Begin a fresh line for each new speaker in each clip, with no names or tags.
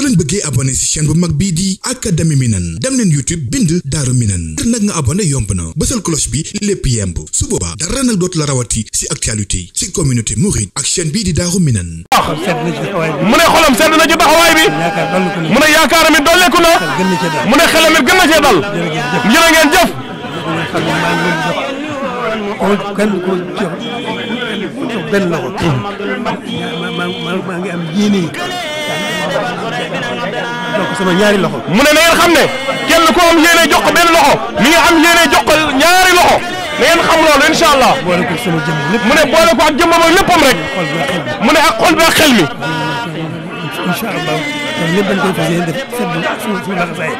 soo leen bëggee abonné ci chaîne bu mag bii di académie Minane dem leen YouTube bind Daaru Minane ngir nag nga na bi lépp yemb su boobaa dara nag dootu la rawati ci actualité ci communauté mouride ak chaîne bii di Daaru Minane mu ne xolam sedd na ci taxawaay bi
mu ne yaakaaram it dolleeku na mu ne gën na cee dal jërë ngeen jëf donc sama ñaari loxo. mu ne na ngeen xam ne kenn ku am yéene jox ko benn loxo mi nga am yéene jox ko ñaari loxo na ngeen xam loolu incha allah. boole ko sama jëmm lépp mu ne boole ko ak jëmmam ak léppam rek. mu ne ak xol bi ak xel mi. incha allah loolu lépp dañ koy fas yéene def seetlu suñu suñu laxasaay.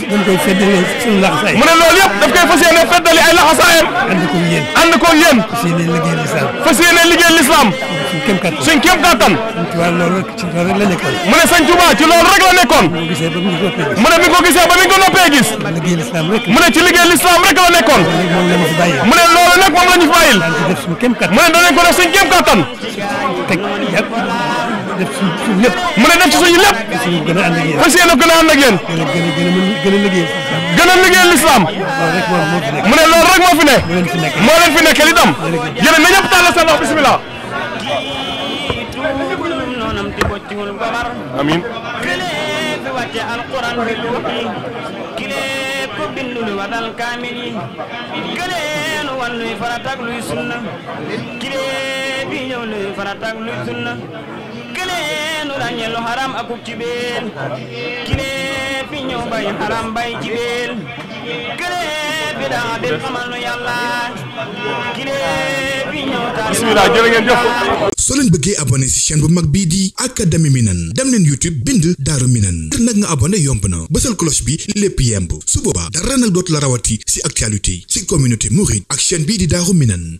dañ koy feddali suñu laxasaay mu ne loolu yëpp daf koy fas yéene feddali ay laxasaayam ànd koog yéen ànd koog yéen fas yéene liggéey lislaam fas yéene liggéey lislaam suñ kéem kattan suñ kéem kattan ci loolu rek la nekkoon mu ne sëñ Tuubaa ci loolu rek la nekkoon mu ne bi ko gisee ba mi ko noppee gis mu ne ci liggéey lislaam rek la nekkoon mu ne loolu nag moom la ñu fi bàyyil mu ne danañ ko def suñ kéem kattan def ci suñu lépp. mën a def ci suñu lépp. fas yéene gën a ànd gën a ànd ak yéen. gën a gën a liggéey lislaam. gën a liggéey lislaam. mu ne loolu rek moo fi ne. moo leen fi nekkee li tam. yéen na ñëpp tàllal seen loxo bisimilah. amiin. ko bindulu wadal kamili gëleen wan luy faratak luy sunna kile bi ñëw luy faratak luy sunna leen nu ràññee lu xaram akub ci beel kilee fi ñëw bay xaram bay ci beel kilee fi daa del xamal nu yàlla kilee fi ñëw
taal bismillah jërë ngeen bëggee abonné ci chaîne bu mag bii di Académie Minane dem leen YouTube bind Daaru Minane ngir nag nga abonné yomb na bësal cloche bi lépp yemb su boobaa dara nag dootu la rawati ci actualité ci communauté mouride ak chaîne bii di Daaru Minane